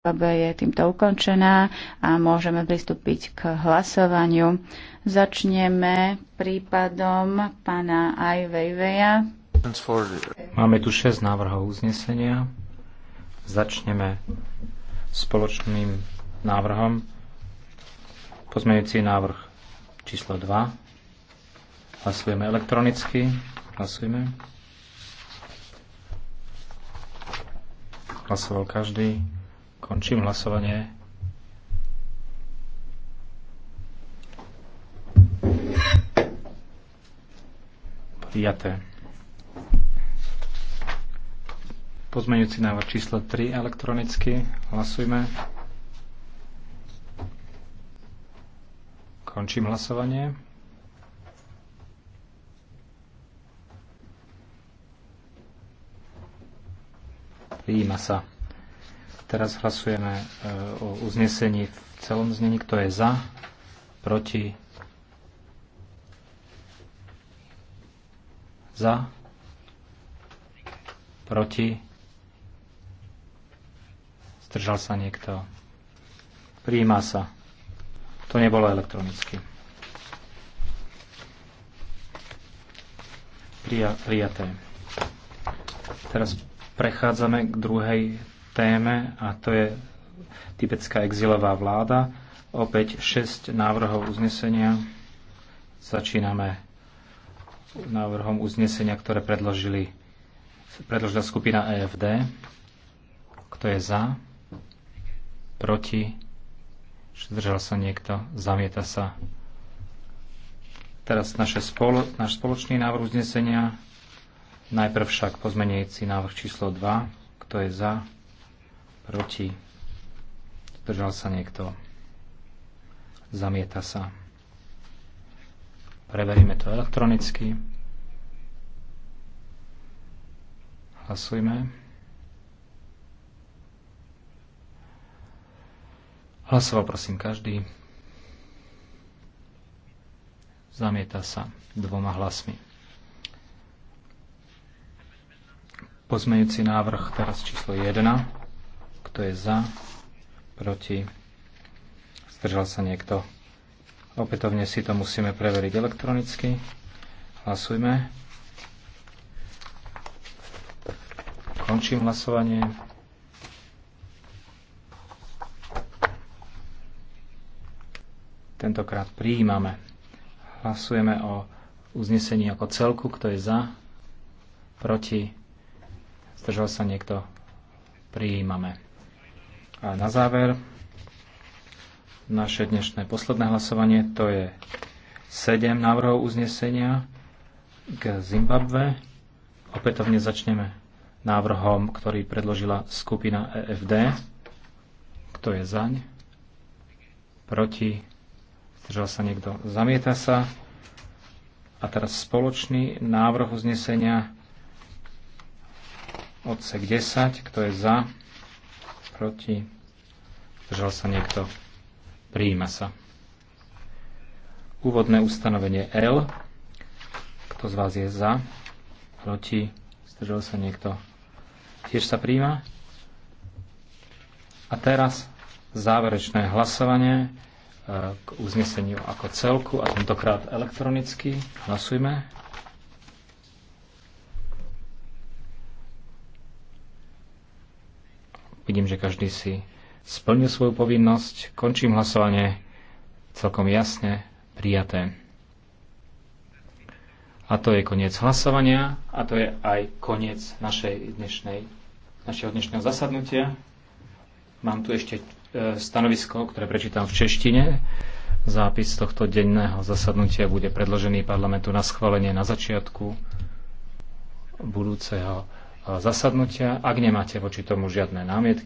lebo je týmto ukončená a môžeme pristúpiť k hlasovaniu. Začneme prípadom pána Aj Weiweja. Máme tu 6 návrhov uznesenia. Začneme spoločným návrhom. Pozmeňujúci návrh číslo 2. Hlasujeme elektronicky. Hlasujeme. Hlasoval každý. Končím hlasovanie. Prijaté. Pozmeňujúci návrh číslo 3 elektronicky. Hlasujme. Končím hlasovanie. Prijíma sa. Teraz hlasujeme e, o uznesení v celom znení. Kto je za? Proti? Za? Proti? Zdržal sa niekto? Prijíma sa. To nebolo elektronicky. prijaté. Teraz prechádzame k druhej téme a to je tibetská exilová vláda. Opäť 6 návrhov uznesenia. Začíname návrhom uznesenia, ktoré predložili, predložila skupina EFD. Kto je za? Proti? Zdržal sa niekto? Zamieta sa? Teraz naše spolo, náš spoločný návrh uznesenia. Najprv však pozmenejci návrh číslo 2. Kto je za? Proti. Zdržal sa niekto. Zamieta sa. Preveríme to elektronicky. Hlasujme. Hlasoval prosím každý. Zamieta sa dvoma hlasmi. Pozmejúci návrh teraz číslo 1. Kto je za? Proti? Zdržal sa niekto? Opätovne si to musíme preveriť elektronicky. Hlasujme. Končím hlasovanie. Tentokrát prijímame. Hlasujeme o uznesení ako celku, kto je za, proti, zdržal sa niekto, prijímame. A na záver naše dnešné posledné hlasovanie to je 7 návrhov uznesenia k Zimbabve. Opätovne začneme návrhom, ktorý predložila skupina EFD. Kto je zaň? Proti? Zdržal sa niekto? Zamieta sa. A teraz spoločný návrh uznesenia odsek 10. Kto je za? proti, zdržal sa niekto, prijíma sa. Úvodné ustanovenie L, kto z vás je za, proti, zdržal sa niekto, tiež sa prijíma. A teraz záverečné hlasovanie e, k uzneseniu ako celku a tentokrát elektronicky. Hlasujme. Vidím, že každý si splnil svoju povinnosť. Končím hlasovanie celkom jasne prijaté. A to je koniec hlasovania a to je aj koniec našej dnešnej, našeho dnešného zasadnutia. Mám tu ešte e, stanovisko, ktoré prečítam v češtine. Zápis tohto denného zasadnutia bude predložený parlamentu na schválenie na začiatku budúceho e, zasadnutia. Ak nemáte voči tomu žiadne námietky,